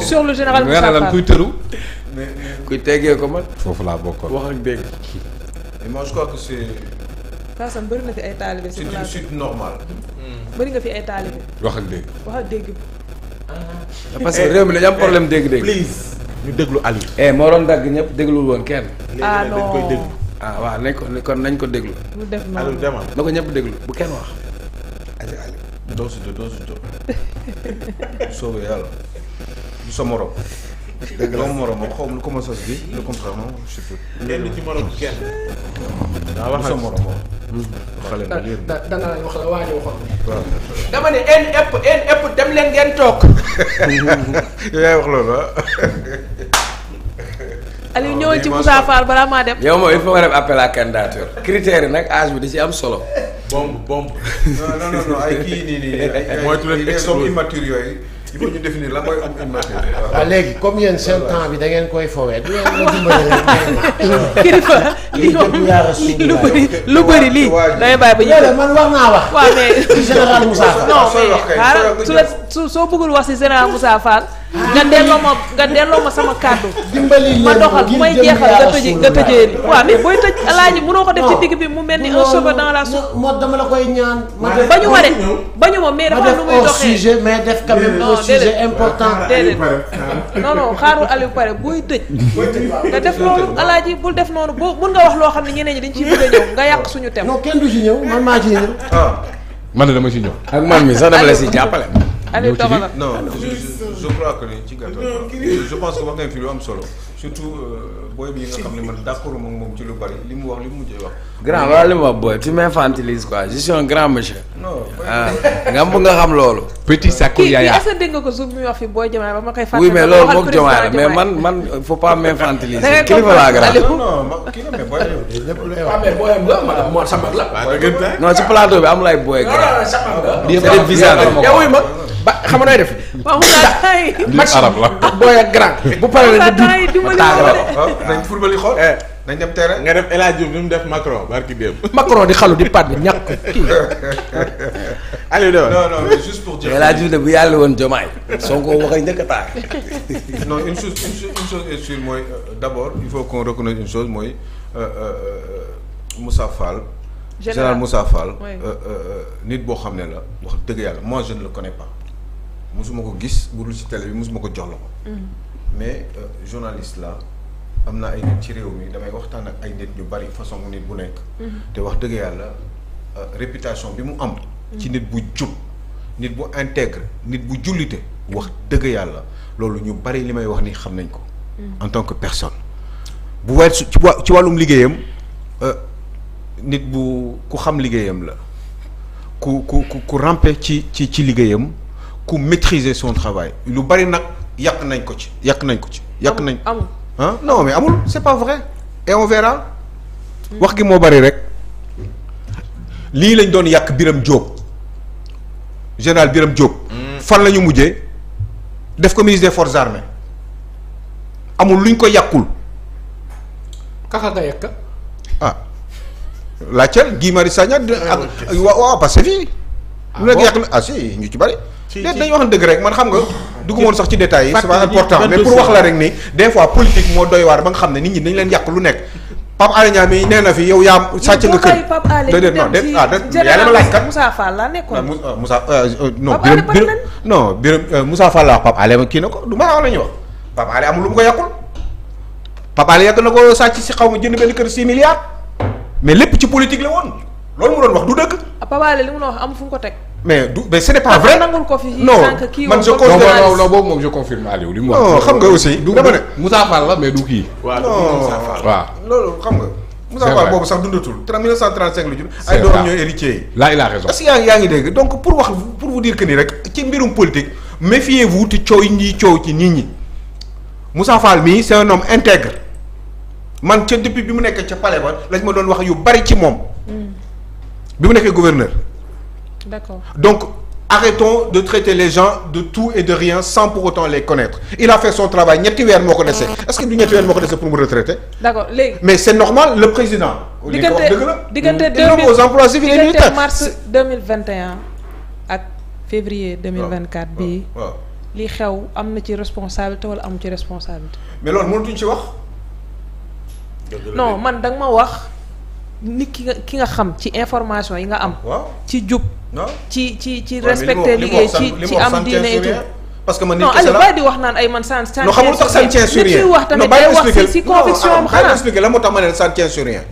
sur le général Moussa Fall lan kuy tëru. kuy teggee ko man. foofu laa bokkoon wax ak dégg. mais moi je crois que c' est. Fassam bëri na hmm. wax ak dégg. wax ah. que réew mi dañu am problème eh, dégg-dégg. please ñu déglu Aliou. eh moo dagg ñëpp déglul woon kenn. ah non dañ koy ah, nañ ko déglu. mu def noonu demal na ko ñëpp déglu bu kenn wax. doo si doo so sa morom. dëgg la morom xaw ma comment ça se dit comme ça non je sais pas. lenn ci morom dama ne en ëpp en ëpp dem leen ngeen toog. yaay wax loolu ah. Aliou ñëwal ci Moussa balaa maa dem. yow moom il faut nga def appel à nag âge bi da ci am solo. bomb bomb. il faut ñu définir lan mooy am immaturité. waaw ah, léegi comme yéen seen temps bi da ngeen koy fowee du ngeen ko dimbali rek. kilifa li lu bëri lu bëri lii. damay bàyyi ba ñu man war mais général Moussa Fall. soo bëggul wax si général Moussa Fall. nga delloo ma nga ma sama kàddu. dimbali ma doxal bu may jeexal nga tëjee nga tëjee ni. ko def ci digg bi mu mel ni un cheveu moo dama la koy ñaan. ma def bañu ma de bañu ma mais dafa mais def quand même un sujet important. déedéet non non xaarul Aliou pare booy tëj. nga def loolu alaaji bul def noonu boo mun wax loo xam ne ñeneen ñi dañ ciy bëgg a ñëw nga yàq suñu thème. du ci ñëw man maa ci ñëw. Ah. man dama ci ñëw. ak la si jàppale. allez doxalal non je crois que ci gàttal je pense que wax ngeen fi am solo booy bi nga xam ne man d'accord moom moom lu bari li mu wax li mu mujjee wax. grand waaw li ma wax booy tu m'infantilises quoi je grand monsieur. non nga am nga xam loolu. petit sakku yaya kii est-ce que dégg nga ko suuf muy wax fi booy Diomaye ba ma mais man man il faut pas m'infantiliser. kilifa laa grand non non kii la mais lay wax. ah mais booyam la non ci bi amul ay booy grand. non ba xam nga def. waaw match booy ak grand. bu paree rek du ma nañ eh. nañ dem terrain nga def El mu def Macron barki démb. Macron di xalu di pàdd ñàkk kii. bu yàlla woon Jomaay. Sonko ak a taar. non mooy euh, abord il faut qu'on reconnaisse une chose mooy euh, euh, Moussa Fall. général Moussa nit boo xam ne la wax dëgg yàlla moi je ne le connais pas. musuma ko gis budul ci télé bi musuma ko jox loxo mm-hmm. mais euh, journaliste la am na ay nit ci réew mi damay waxtaan ak ay nit ñu bari façon nit bu nekk mm-hmm. te wax dëgg yàlla euh, réputation bi mu am ci mm-hmm. nit bu jub nit bu intègre nit bu jullite wax dëgg yàlla loolu ñu bari li may wax ni xam nañ ko en tant que personne bu wet ci wàllum liggéeyam euh, nit bu ku xam liggéeyam la ku ku ku rampe ci ci ci liggéeyam ku maîtriser son travail lu bari nag yàq nañ ko ci yàq nañ ko ci yàq nañ amul ah non amul c'est pas vrai hmm. wax gi moo bari rek lii lañ doon yàq Biram jóob général Biram Diop hmm. fan lañu ñu mujjee def ko ministre des forces armées amul luñ ko yàqul kaka nga yàq ah laajteel Guy Marius Sagna ah, ak waa waa Pastef fii ah lu nekk yàq na ah si ñu ci bari ci dañ dañu waxoon dëgg rek man xam nga. dugg moon sax ci détails yi c'est pas important mais pour wax la rek ni des fois politique moo doy waar ba nga xam ne nit ñi dañu leen yàq lu nekk Pape Alé Niang mi nee fi kii na ko du ma wax la ñuy wax Pape Alé lu mu ko yàqul Pape Alé yàgg na ko sàcc si xaw ma jënd benn kër 6 milliards mais lépp ci politique la woon loolu mu doon wax du dëkk ah, Pape Alé li mu doon wax am fu mu ko teg mais du mais ce n'est pas ah, vrai nangul man je confirme non boobu moom je confirme Aliou li mu wax. non xam nga aussi du dama ne. Moussa la mais du kii. waaw Moussa loolu xam nga. Moussa Fall boobu sax dundatul. te 1935 la jur ay doom ñooy héritiers yi. là il a raison yaa ngi dégg donc pour wax pour vous dire que rek ci mbirum politique méfiez-vous ci coow yi ñuy coow ci nit ñi Moussa Fall mii c'est un homme man ca depuis bi mu nekk ca palais ba lañ ma doon wax yu bari ci moom. Mm. bi mu nekkee gouverneur. D'accord. Donc arrêtons de traiter les gens de tout et de rien sans pour autant les connaître il a fait son travail ñetti weer moo ko dese ah. est-ce que du ñetti weer moo ko dese pour mu retraiter d'accord léegi mais c'est normal le président diggante diggante aux emplois civils et militaires mars 2021 ak février 2024 li xew am na ci responsabilité wala amu ci responsabilité mais loolu mënatuñ ci wax non man danga ma wax nit ki nga ki nga xam ci information yi nga am. ci jub. ci ci ci liggéey ci ci am diine et tout parce que man nit ki la non Aliou di wax naan ay man sans sans non xamul sax sans sur rien nit wax tamit day wax sur rien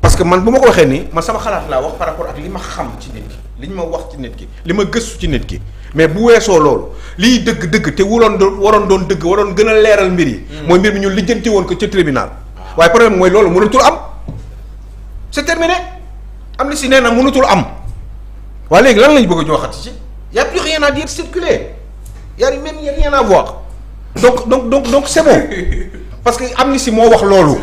parce que man bu ko waxee nii man sama xalaat laa wax par rapport ak li ma xam ci nit ki li ñu ma wax ci nit ki li ma gëstu ci nit ki mais bu weesoo loolu lii dëgg dëgg te waroon doon waroon doon dëgg waroon gën a leeral mbir yi. Hmm. mooy mbir mi ñu lijjanti woon ko ca tribunal. waaye problème mooy loolu mënatul am. c'est terminé amnistie nee na mënutul am waaye léegi lan lañ bëgg a joxati ci y a plus rien à dire circuler y a même y a rien à donc donc donc donc c'est bon parce que amnistie moo wax loolu.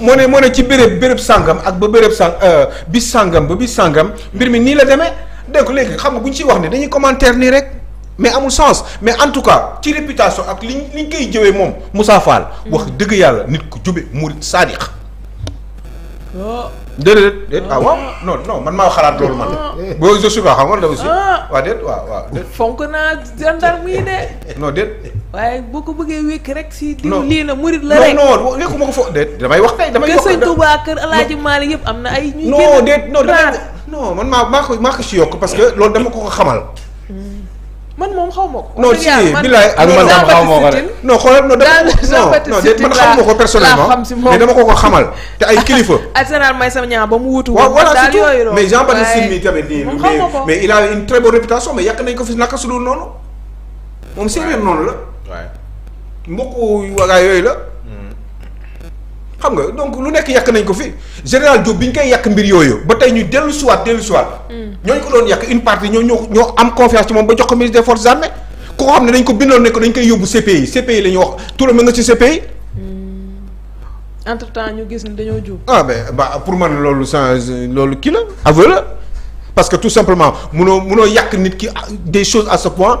moo moo ne ci béréb béréb sàngam ak ba béréb sang euh, bis sàngam ba bis sàngam mbir mi nii la demee donc léegi xam nga bu ñu ciy wax ne dañuy commentaire nii rek mais amul sens mais en tout cas ci réputation ak li liñ koy jëwee moom Moussa Fall. wax dëgg yàlla nit ku jube murid saadix déedéet déet ah. ah waaw non non man maa xalaat loolu man boo je suis a xam nga dafa si ah. waaw déet waaw waaw déet fonk naa gendarme yi de non déet waaye boo ko bëggee wékk rek si diw lii na murit la rek non non wékku ma ko fo déet damay wax kay damay wax kër sëñ Touba kër Alaaji Maalik yëpp am na ay ñu non déet non non man maa maa ko si yokk parce que loolu dama ko ko xamal man moom xaw ma ko. non si bilaay ak man moom xaw ma ko rek non xoolal non dama non ko ko xamal te ay kilifa. arsenal may sama ñaar ba mu wutu. waaw voilà surtout mais Jean Baptiste mi tamit nii mais mais a une très bonne réputation mais yàq nañ ko fi naka su dul noonu moom séeréer noonu la. waaw mbokku wagaay yooyu la. xam nga donc lu nekk yàq nañ ko fi général Diop bi ñu koy yàq mbir yooyu ba tey ñu dellu siwaat dellu siwaat mm. ñooñu ko doon yàq une partie ñoo ñoo ñoo am confiance ci moom ba jox ko ministre des forces armées koo xam ne dañ ko bindoon ne ko dañ koy yóbbu CPI CPI la ñu wax turam nga ci CPI. Mm. entre temps ñu gis ni dañoo jub. ah ben pour man loolu sans loolu kii la aveu la parce que tout simplement munoo munoo yàkk nit ki ah, des choses à ce point.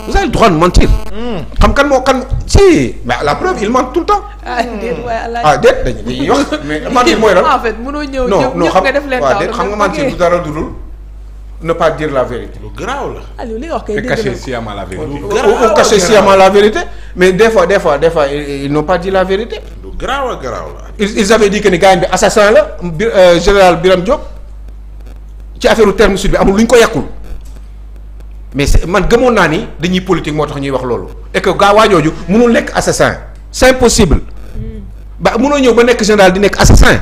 vous avez le droit de mentir. Hmm. xam kan moo kan si mais la preuve il ment tout le temps. ah déet waay ah déet dañuy wax. mais mentir mooy lan en fait mënoo ñëw ñëpp ñëpp nga def leen taw déet xam nga mentir du dara dudul ne pas dire la vérité. lu garaaw la. allo li nga wax kay dégg cacher sciemment la vérité. lu garaaw ou cacher sciemment la vérité mais des fois des fois des fois ils n'ont pas dit la vérité. lu garaaw garaaw la. ils ils avaient dit que ni gars bi assassin la bi euh, général Birame Diop ci affaire terme sud bi amul lu ñu ko yàqul. mais man gëmoon naa ni dañuy politique moo tax ñuy wax loolu et que gaa waajooju mënul nekk assassin c'est ba mënoo ñëw ba nekk général di nekk assassin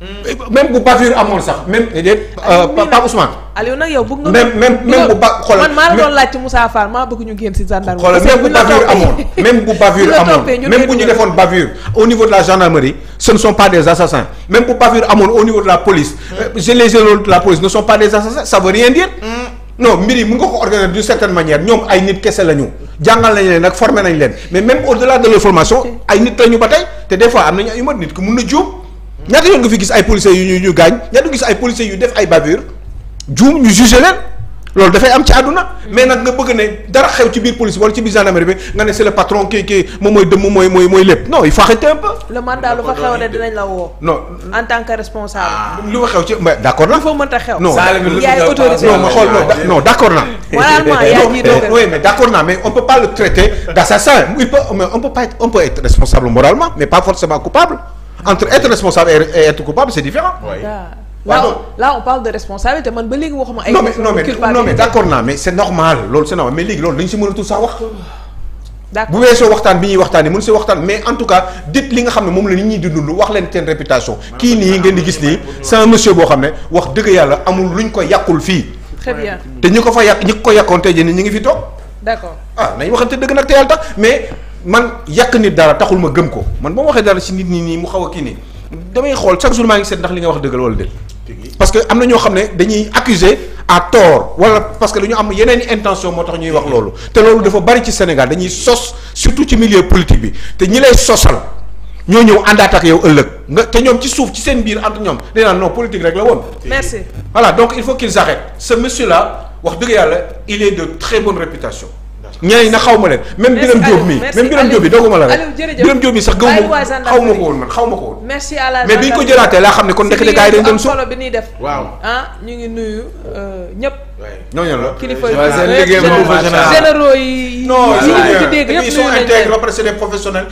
hmm. même bu bavure amoon sax bu ba xoolal man maa la doon laaj ci Moussa Fall maa bëgg ñu génn si gendarmerie. amoon même bu ñu defoon bavure au niveau de la gendarmerie ce ne sont pas des assassins même bu bavure amoon au niveau de la police. Hmm. Euh, les de la police ne sont pas des assassins ça veut rien non mbir yi mën nga ko organiser d'une certaine manière ñoom ay nit kese la ñu jàngal nañ leen nag formé nañ leen mais même au delà de leur formation ay nit la ñu ba tey te des fois am nañu ay mat nit ku mun na juum ñaata yoon nga fi gis ay policiers yu ñu ñu gaañ ñaata gis ay policiers yu def ay bavure juum ñu jugé leen loolu dafay am ci àdduna mais nag nga bëgg ne dara xew ci biir police wala ci biir gendarmerie bi nga ne c'est le patron kii kii moom mooy dëmm mooy mooy mooy lépp non il faut arrêter un peu. le lu fa xew ne dinañ la woo. non en tant responsable. Ah, lu fa xew ci d'accord na. lu mënta xew. non d'accord naa. moralement yaa ngi doog oui mais d'accord mais on peut pas le traiter d'assassin il peut on peut pas être on peut être responsable moralement mais pas forcément coupable entre là on, là on parle de responsabilité man ba léegi waxuma ay. non normal normal mais léegi loolu dañ si mën a tout ça wax. bu weesoo waxtaan bi ñuy waxtaanee mën si waxtaan mais en tout cas dit li nga xam ne moom la nit ñi di dund wax leen seen réputation kii nii ngeen di gis nii c'est monsieur boo xam ne wax dëgg yàlla amul ñu ko yàqul fii. très te ñi ko fa yàq ñi ko yàqoon tey jii ñu ngi fi toog. d'accord ah nañ waxante dëgg nag te yàlla tax mais man yàq nit dara taxul ma gëm ko man boo waxee dara si nit ñi nii mu xaw a kii nii damay xool chaque jour maa ngi seet parce que am na ñoo xam ne dañuy accuser à tort wala parce que dañu am yeneen i intention moo tax ñuy wax loolu te loolu dafa bari ci Sénégal dañuy sos surtout ci milieu politique bi te ñi lay sosal ñoo ñëw àndaat ak yow ëllëg nga te ñoom ci suuf ci seen biir entre ñoom dañ naan non politique rek la woon. merci voilà donc il faut qu'ils arrêtent ce monsieur la wax dëgg yàlla il est de très bonne réputation. ñeneen na xaw ma leen même Biram Diop mi même Biram Diop bi dooguma la rek Biram Diop bi sax gëw ma xaw ma ko woon man xaw ko woon merci à la mais bi ñu ko jëlaatee laa xam ne kon ndekete gars yi dañ doon so bi ñuy